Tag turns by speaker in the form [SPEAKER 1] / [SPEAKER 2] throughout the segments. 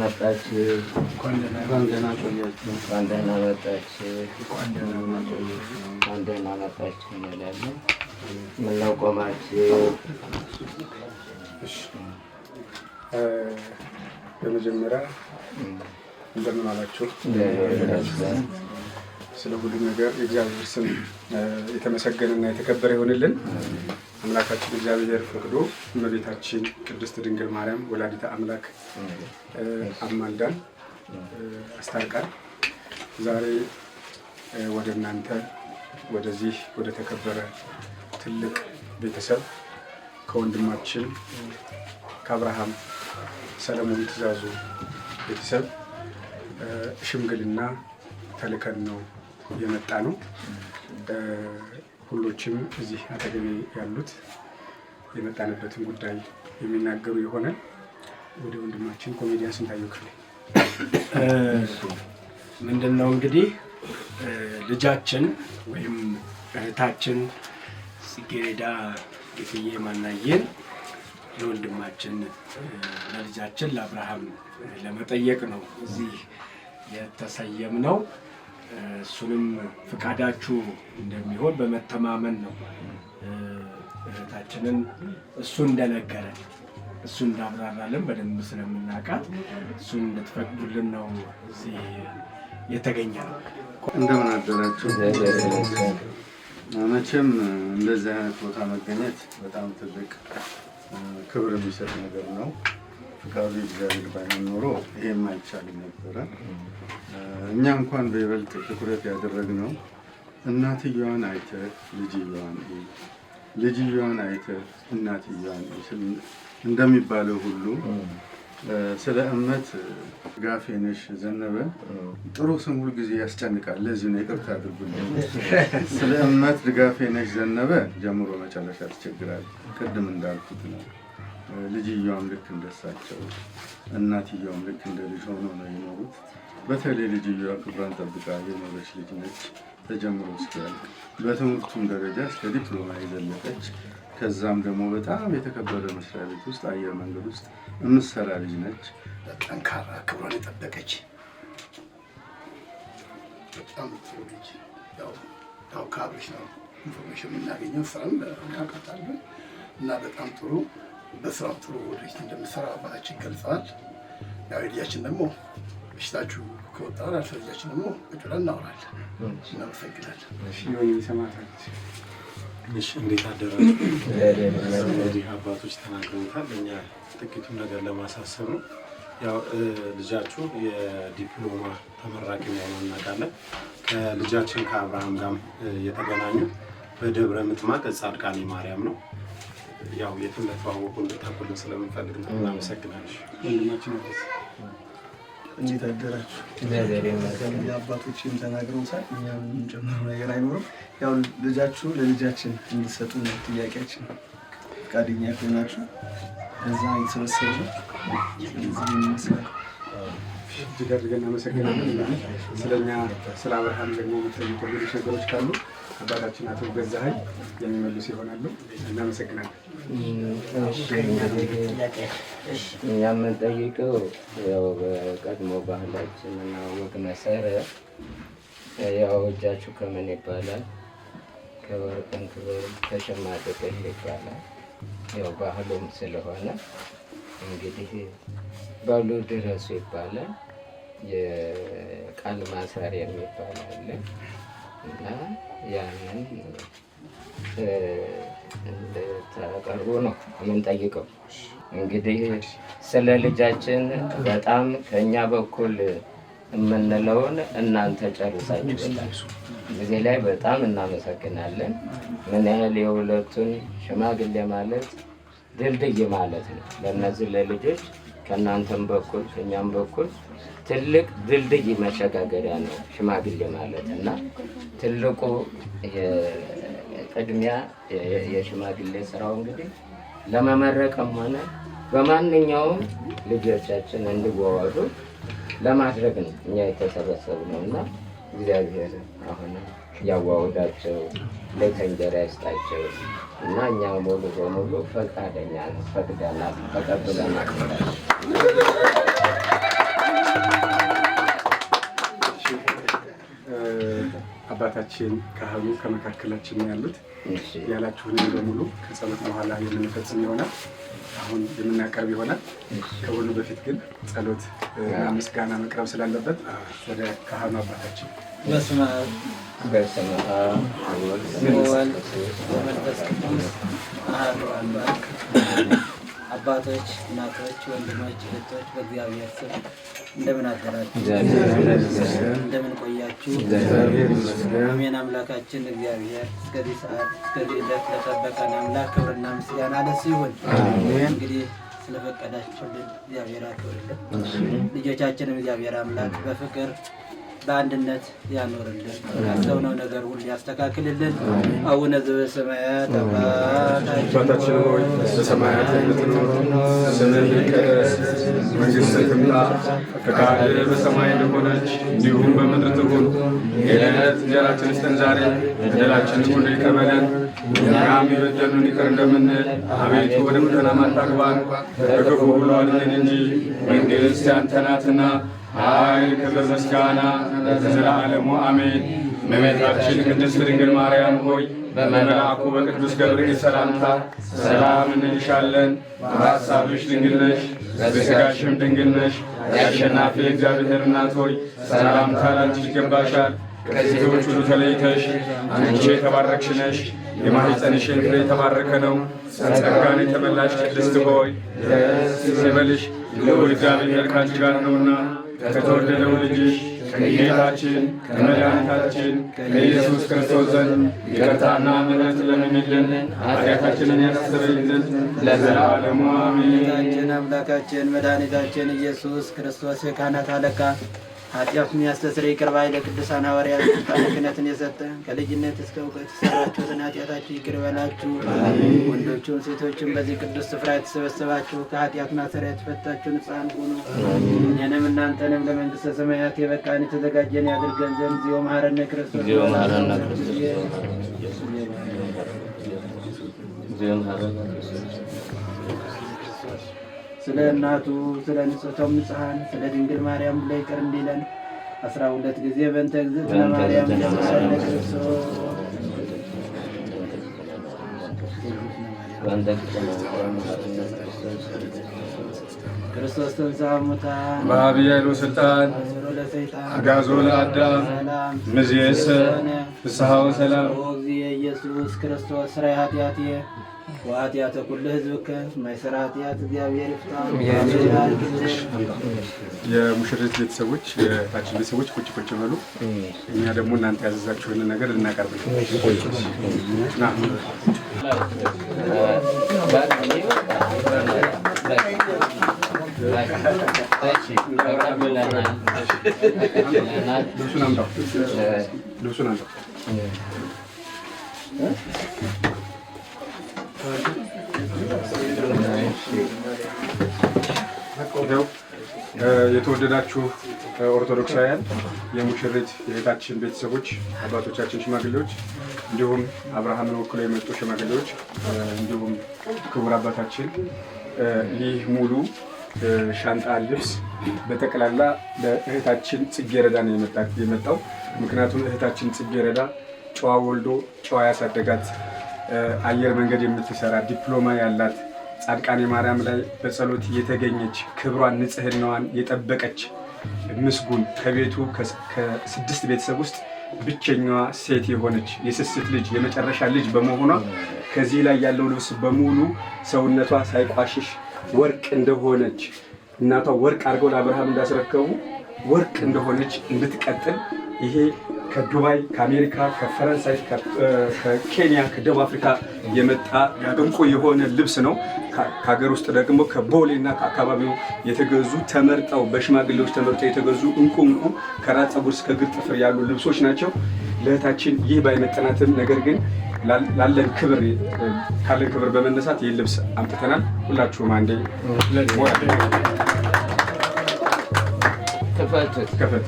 [SPEAKER 1] መጣች፣ እንኳን ደህና መጣች። እንኳን ደህና መጣች። እንኳን ደህና መጣች እንላለን። ምነው ቆማችሁ? በመጀመሪያ እንደምን አላችሁ? ስለ ሁሉ ነገር የእግዚአብሔር ስም የተመሰገነና የተከበረ ይሆንልን። አምላካችን እግዚአብሔር ፈቅዶ እመቤታችን ቅድስት ድንግል ማርያም ወላዲተ አምላክ አማልዳን አስታርቃል። ዛሬ ወደ እናንተ ወደዚህ ወደ ተከበረ ትልቅ ቤተሰብ ከወንድማችን ከአብርሃም ሰለሞን ትእዛዙ ቤተሰብ ሽምግልና ተልከን ነው የመጣ ነው። ሁሎችም እዚህ አጠገቤ ያሉት የመጣንበትን ጉዳይ የሚናገሩ ይሆናል። ወደ ወንድማችን ኮሜዲያን ስንታየው ክፍሌ ምንድን ነው እንግዲህ ልጃችን ወይም እህታችን ጽጌረዳ ግፍዬ ማናየን ለወንድማችን ለልጃችን ለአብርሃም ለመጠየቅ ነው እዚህ የተሰየም ነው። እሱንም ፍቃዳችሁ እንደሚሆን በመተማመን ነው እህታችንን እሱ እንደነገረን እሱ እንዳብራራለን በደንብ ስለምናውቃት እሱን እንድትፈቅዱልን ነው እዚህ የተገኘ ነው። እንደምን አደራችሁ። መቼም እንደዚህ አይነት ቦታ መገኘት በጣም ትልቅ ክብር የሚሰጥ ነገር ነው። ፍቃዱ እግዚአብሔር ባይሆን ኖሮ ይሄም አይቻልም ነበረ። እኛ እንኳን በይበልጥ ትኩረት ያደረግነው እናትየዋን አይተ ልጅየዋን ልጅየዋን አይተ እናትየዋን እንደሚባለው ሁሉ ስለ እመት ጋፌነሽ ዘነበ ጥሩ ስም ጊዜ ያስጨንቃል። ለዚህ ነው ይቅርታ አድርጉልኝ። ስለ እመት ድጋፌነሽ ዘነበ ጀምሮ መጨረሻ ትቸግራል። ቅድም እንዳልኩት ነው። ልጅየዋም ልክ እንደሳቸው እናትየዋም ልክ እንደ ልጅ ሆነው ነው የኖሩት። በተለይ ልጅየዋ ክብሯን ጠብቃ የኖረች ልጅ ነች። ተጀምሮ እስኪያልቅ በትምህርቱም ደረጃ እስከ ዲፕሎማ የዘለቀች ከዛም ደግሞ በጣም የተከበረ መስሪያ ቤት ውስጥ አየር መንገድ ውስጥ የምትሰራ ልጅ ነች። ጠንካራ ክብሯን የጠበቀች በጣም ጥሩ ልጅ ያው ካብሪች ነው ኢንፎርሜሽን የምናገኘው ስራም እና በጣም ጥሩ በስራው ጥሩ ወደፊት እንደምሰራ አባታችን ይገልጻል። ያው ልጃችን ደግሞ በሽታችሁ ከወጣ ራሱ ልጃችን ደግሞ ቁጭ ብለን እናወራለን፣ እናመሰግናለን። እንዴት አደራችሁ? እንግዲህ አባቶች ተናግረውታል። እኛ ጥቂቱን ነገር ለማሳሰብ ነው። ያው ልጃችሁ የዲፕሎማ ተመራቂ መሆኑ እናውቃለን። ከልጃችን ከአብርሃም ጋርም የተገናኙ በደብረ ምጥማቅ ጻድቃኔ ማርያም ነው ያው የትም ለተዋወቁ እንድታቆልን ስለምንፈልግ ነው። እናመሰግናለሽ ወንድማችን። አዲስ እንዴት አደራችሁ? አባቶችም ተናግረው ሳል እኛም የምንጨምረው ነገር አይኖርም። ያው ልጃችሁ ለልጃችን እንድሰጡ ነው ጥያቄያችን። ፈቃደኛ ከሆናችሁ እዛ የተሰበሰቡ ስለዚህ ይመስላል። እጅግ አድርገን እናመሰግናለን። ስለኛ ስለ አብርሃም ደግሞ የምትጠይቁ ሌሎች ነገሮች ካሉ አባታችን አቶ ገዛኸኝ የሚመልሱ ይሆናሉ። እናመሰግናለን። እኛ የምንጠይቀው ያው በቀድሞ ባህላችን እና ወግ መሰረት ያው እጃችሁ ከምን ይባላል? ከወርቅን ክብር ተሸማደቀ ይባላል። ያው ባህሉም ስለሆነ እንግዲህ በሉ ድረሱ ይባላል። የቃል ማሰሪያ የሚባል አለ እና ያንን እንድታቀርቡ ነው የምንጠይቀው። እንግዲህ ስለ ልጃችን በጣም ከእኛ በኩል የምንለውን እናንተ ጨርሳችሁታል። እዚህ ላይ በጣም እናመሰግናለን። ምን ያህል የሁለቱን ሽማግሌ ማለት ድልድይ ማለት ነው ለእነዚህ ለልጆች ከእናንተም በኩል ከእኛም በኩል ትልቅ ድልድይ መሸጋገሪያ ነው ሽማግሌ ማለት እና ትልቁ ቅድሚያ የሽማግሌ ስራው እንግዲህ ለመመረቅም ሆነ በማንኛውም ልጆቻችን እንዲወወዱ ለማድረግ ነው እኛ የተሰበሰብነው እና እግዚአብሔር አሁን ያዋውዳቸው ለተንጀራ ይስጣቸው እና እኛ ሙሉ በሙሉ ፈቃደኛ ነው ፈቅደናል ተቀብለናል። አባታችን ካህኑ ከመካከላችን ያሉት ያላችሁን በሙሉ ከጸሎት በኋላ የምንፈጽም ይሆናል። አሁን የምናቀርብ ይሆናል። ከሁሉ በፊት ግን ጸሎት ምስጋና መቅረብ ስላለበት ወደ ካህኑ አባታችን በስመ አብ አባቶች፣ እናቶች፣ ወንድሞች፣ እህቶች በእግዚአብሔር ስም እንደምን አደራችሁ? እንደምን ቆያችሁ? አሜን። አምላካችን እግዚአብሔር እስከዚህ ሰዓት እስከዚህ ዕለት ለጠበቀን አምላክ ክብርና ምስጋና ለእሱ ይሁን። እንግዲህ ስለፈቀዳችሁልን እግዚአብሔር አክብርልን። ልጆቻችንም እግዚአብሔር አምላክ በፍቅር በአንድነት ያኖርልን። ያሰብነው ነገር ሁሉ ያስተካክልልን። አቡነ ዘበሰማያት አባታችን ሆይ በሰማያት የምትኖር ስምህ ይቀደስ፣ መንግሥትህ ትምጣ፣ ፈቃድህ በሰማይ እንደሆነች እንዲሁም በምድር ትሁን። የዕለት እንጀራችንን ስጠን ዛሬ፣ በደላችንን ሁሉ ይቅር በለን እኛም ይቅር እንደምንል። አቤቱ ወደ ፈተና አታግባን፣ ከክፉ ሁሉ አድነን እንጂ መንግሥት ያንተ ናትና ኃይል፣ ክብር፣ ምስጋና ለዘላለሙ አሜን። እመቤታችን ቅድስት ድንግል ማርያም ሆይ በመልአኩ በቅዱስ ገብርኤል ሰላምታ ሰላም እንልሻለን። በሐሳብሽ ድንግል ነሽ፣ በሥጋሽም ድንግል ነሽ። የአሸናፊ እግዚአብሔር እናት ሆይ ሰላምታ ላንቺ ይገባሻል። ከሴቶች ሁሉ ተለይተሽ አንቺ የተባረክሽ ነሽ፣ የማኅፀንሽ ፍሬ የተባረከ ነው። ጸጋን የተመላሽ ቅድስት ሆይ ደስ ይበልሽ ልዑል እግዚአብሔር ከአንቺ ጋር ነውና ከተወደደው ልጅሽ ከጌታችን ከመድኃኒታችን ከኢየሱስ ክርስቶስ ዘንድ ይቅርታና ምሕረት ለምኝልን ኃጢአታችንን ያስተሰርይልን ለዘላለሙ አሜን። ጌታችን አምላካችን መድኃኒታችን ኢየሱስ ክርስቶስ የካህናት አለቃ ኃጢአት የሚያስተስረ ይቅር ባይ ለቅዱሳን ሐዋርያት ታላቅነትን የሰጠ ከልጅነት እስከ እውቀት የሰራችሁትን ኃጢአታችሁ ይቅር በላችሁ። ወንዶችም ሴቶችም በዚህ ቅዱስ ስፍራ የተሰበሰባችሁ ከኃጢአት ማሰሪያ የተፈታችሁ ንጹሐን ሁኑ። እኛንም እናንተንም ለመንግሥተ ሰማያት የበቃን የተዘጋጀን ያድርገን ዘንድ ዚዮ መሐረነ ክርስቶስ ስለ እናቱ ስለ ንጽሕተ ንጽሐን ስለ ድንግል ማርያም ብሎ ይቅር እንዲለን አስራ ሁለት ጊዜ በእንተ እግዝእትነ ማርያም የመሰለ ክርስቶስ ተንሥአ እሙታን በዐቢይ ስልጣን አግዓዞ ለአዳም እምይእዜሰ ፍስሐ ወሰላም ኢየሱስ ክርስቶስ ስራይ ኃጢአትየ ወኃጢአተ ኩሉ ህዝብ ከማይሰራ ኃጢአት እግዚአብሔር ይፍታ። የሙሽሪት ቤተሰቦች የታችን ቤተሰቦች ቁጭ ቁጭ በሉ። እኛ ደግሞ እናንተ ያዘዛችሁን ነገር ልናቀርብ ልብሱን ይኸው የተወደዳችሁ ኦርቶዶክሳውያን የሙሽሪት የቤታችን ቤተሰቦች፣ አባቶቻችን ሽማግሌዎች፣ እንዲሁም አብርሃምን ወክሎ የመጡ ሽማግሌዎች፣ እንዲሁም ክቡር አባታችን ይህ ሙሉ ሻንጣ ልብስ በጠቅላላ ለእህታችን ጽጌረዳ ነው የመጣው። ምክንያቱም እህታችን ጽጌረዳ ጨዋ ወልዶ ጨዋ ያሳደጋት አየር መንገድ የምትሰራ ዲፕሎማ ያላት ጻድቃኔ ማርያም ላይ በጸሎት የተገኘች ክብሯን ንጽህናዋን የጠበቀች ምስጉን ከቤቱ ከስድስት ቤተሰብ ውስጥ ብቸኛዋ ሴት የሆነች የስስት ልጅ የመጨረሻ ልጅ በመሆኗ ከዚህ ላይ ያለው ልብስ በሙሉ ሰውነቷ ሳይቋሽሽ ወርቅ እንደሆነች እናቷ ወርቅ አድርገው ለአብርሃም እንዳስረከቡ ወርቅ እንደሆነች እንድትቀጥል ይሄ ከዱባይ ከአሜሪካ ከፈረንሳይ ከኬንያ ከደቡብ አፍሪካ የመጣ እንቁ የሆነ ልብስ ነው። ከሀገር ውስጥ ደግሞ ከቦሌ እና ከአካባቢው የተገዙ ተመርጠው በሽማግሌዎች ተመርጠው የተገዙ እንቁ እንቁ ከራስ ፀጉር እስከ እግር ጥፍር ያሉ ልብሶች ናቸው። ለእህታችን ይህ ባይመጠናትም ነገር ግን ላለን ክብር ካለን ክብር በመነሳት ይህ ልብስ አምጥተናል። ሁላችሁም አንዴ ከፈት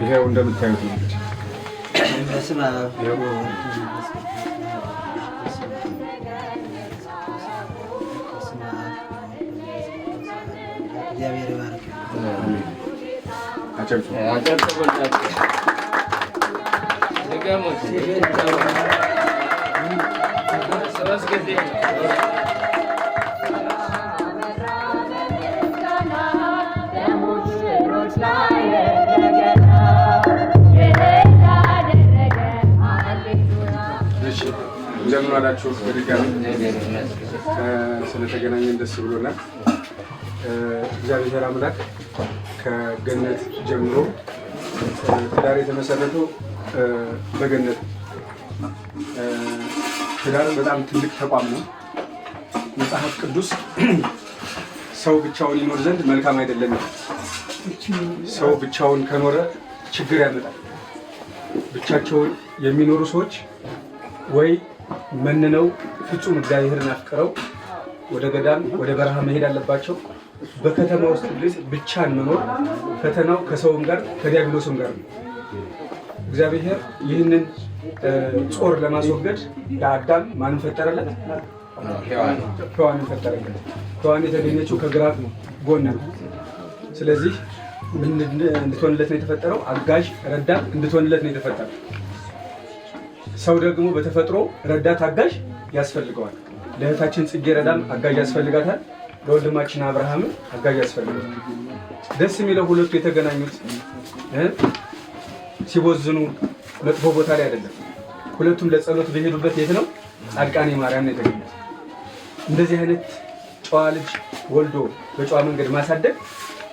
[SPEAKER 1] ይሄ እንደምታዩት ነው እንግዲህ አጨብጭ እንደምን ዋላችሁ። በድጋሚ ስለተገናኘን ደስ ብሎናል። እግዚአብሔር አምላክ ከገነት ጀምሮ ትዳር የተመሰረተው በገነት ትዳር በጣም ትልቅ ተቋም ነው። መጽሐፍ ቅዱስ ሰው ብቻውን ይኖር ዘንድ መልካም አይደለም። ሰው ብቻውን ከኖረ ችግር ያመጣል። ብቻቸውን የሚኖሩ ሰዎች ወይ መንነው ፍጹም እግዚአብሔርን አፍቅረው ወደ ገዳም ወደ በረሃ መሄድ አለባቸው። በከተማ ውስጥ ልጅ ብቻን መኖር ፈተናው ከሰውም ጋር ከዲያብሎስም ጋር ነው። እግዚአብሔር ይህንን ጾር ለማስወገድ ለአዳም ማንም ፈጠረለት ሔዋንን ፈጠረለት። ሔዋን የተገኘችው ከግራፍ ነው ጎን ነው። ስለዚህ እንድትሆንለት ነው የተፈጠረው። አጋዥ ረዳት እንድትሆንለት ነው የተፈጠረው። ሰው ደግሞ በተፈጥሮ ረዳት አጋዥ ያስፈልገዋል። ለእህታችን ጽጌ ረዳም አጋዥ ያስፈልጋታል። ለወንድማችን አብርሃምን አጋዥ ያስፈልጋታል። ደስ የሚለው ሁለቱ የተገናኙት ሲቦዝኑ መጥፎ ቦታ ላይ አይደለም። ሁለቱም ለጸሎት በሄዱበት የት ነው? ጻድቃኔ ማርያም ነው የተገኙት። እንደዚህ አይነት ጨዋ ልጅ ወልዶ በጨዋ መንገድ ማሳደግ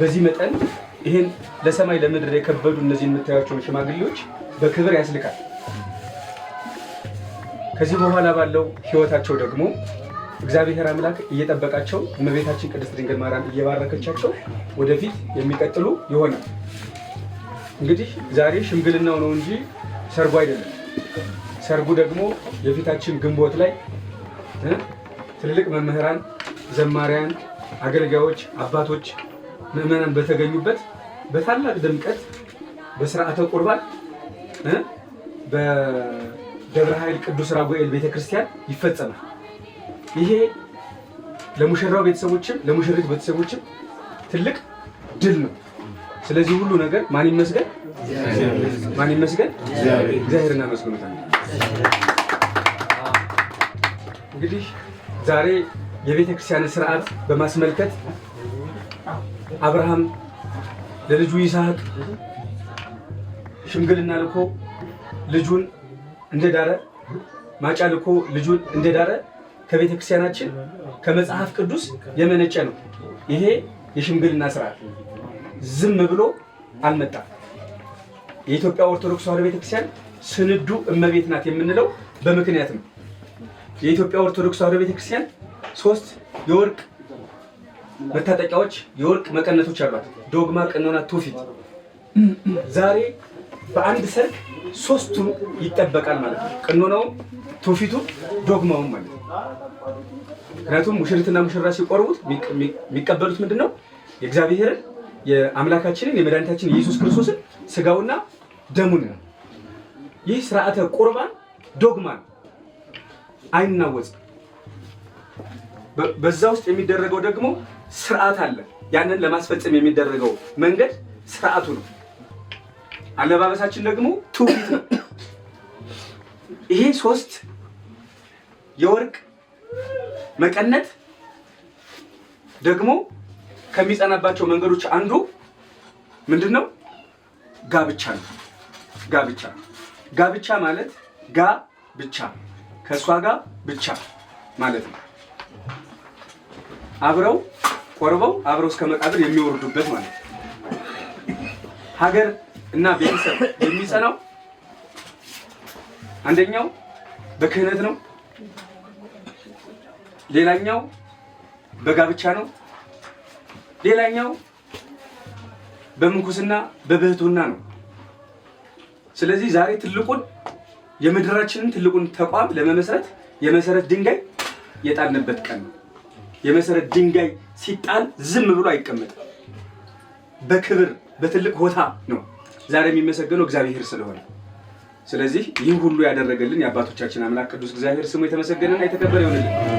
[SPEAKER 1] በዚህ መጠን ይህን ለሰማይ ለምድር የከበዱ እነዚህ የምታያቸውን ሽማግሌዎች በክብር ያስልካል። ከዚህ በኋላ ባለው ህይወታቸው ደግሞ እግዚአብሔር አምላክ እየጠበቃቸው እመቤታችን ቅድስት ድንግል ማርያም እየባረከቻቸው ወደፊት የሚቀጥሉ ይሆናል። እንግዲህ ዛሬ ሽምግልናው ነው እንጂ ሰርጉ አይደለም። ሰርጉ ደግሞ የፊታችን ግንቦት ላይ ትልልቅ መምህራን፣ ዘማሪያን፣ አገልጋዮች፣ አባቶች፣ ምዕመናን በተገኙበት በታላቅ ድምቀት በስርዓተ ቁርባን ደብረ ኃይል ቅዱስ ራጉኤል ቤተክርስቲያን ይፈጸማል። ይሄ ለሙሽራው ቤተሰቦችም ለሙሽሪት ቤተሰቦችም ትልቅ ድል ነው። ስለዚህ ሁሉ ነገር ማን ይመስገን? ማን ይመስገን? እግዚአብሔር እናመስግኑታል። እንግዲህ ዛሬ ክርስቲያን ስርዓት በማስመልከት አብርሃም ለልጁ ይስሐቅ ሽምግልና ልኮ ልጁን እንደዳረ ማጫን እኮ ልጁን እንደዳረ ከቤተ ክርስቲያናችን ከመጽሐፍ ቅዱስ የመነጨ ነው። ይሄ የሽምግልና ስርዓት ዝም ብሎ አልመጣም። የኢትዮጵያ ኦርቶዶክስ ተዋሕዶ ቤተክርስቲያን ስንዱ እመቤት ናት የምንለው በምክንያት ነው። የኢትዮጵያ ኦርቶዶክስ ተዋሕዶ ቤተክርስቲያን ሶስት የወርቅ መታጠቂያዎች የወርቅ መቀነቶች አሏት፦ ዶግማ፣ ቀኖና፣ ትውፊት። ዛሬ በአንድ ሰርግ ሶስቱም ይጠበቃል ማለት ነው። ቅኖናውም፣ ትውፊቱ፣ ዶግማውም ማለት ነው። ምክንያቱም ሙሽሪትና ሙሽራ ሲቆርቡት የሚቀበሉት ምንድን ነው? የእግዚአብሔርን የአምላካችንን የመድኃኒታችን የኢየሱስ ክርስቶስን ስጋውና ደሙን ነው። ይህ ስርዓተ ቁርባን ዶግማ ነው፣ አይናወጽም። በዛ ውስጥ የሚደረገው ደግሞ ስርዓት አለ። ያንን ለማስፈጸም የሚደረገው መንገድ ስርዓቱ ነው። አለባበሳችን ደግሞ ትውፊት ነው። ይሄ ሶስት የወርቅ መቀነት ደግሞ ከሚጸናባቸው መንገዶች አንዱ ምንድን ነው? ጋብቻ ነው። ጋብቻ ጋብቻ ማለት ጋ ብቻ ከእሷ ጋር ብቻ ማለት ነው። አብረው ቆርበው አብረው እስከ መቃብር የሚወርዱበት ማለት ነው። ሀገር እና ቤተሰብ የሚጸናው አንደኛው በክህነት ነው፣ ሌላኛው በጋብቻ ነው፣ ሌላኛው በምንኩስና በብህቱና ነው። ስለዚህ ዛሬ ትልቁን የምድራችንን ትልቁን ተቋም ለመመስረት የመሰረት ድንጋይ የጣልንበት ቀን ነው። የመሰረት ድንጋይ ሲጣል ዝም ብሎ አይቀመጥም። በክብር በትልቅ ቦታ ነው ዛሬ የሚመሰገነው እግዚአብሔር ስለሆነ ስለዚህ ይህ ሁሉ ያደረገልን የአባቶቻችን አምላክ ቅዱስ እግዚአብሔር ስሙ የተመሰገነና የተከበረ ይሆንልን።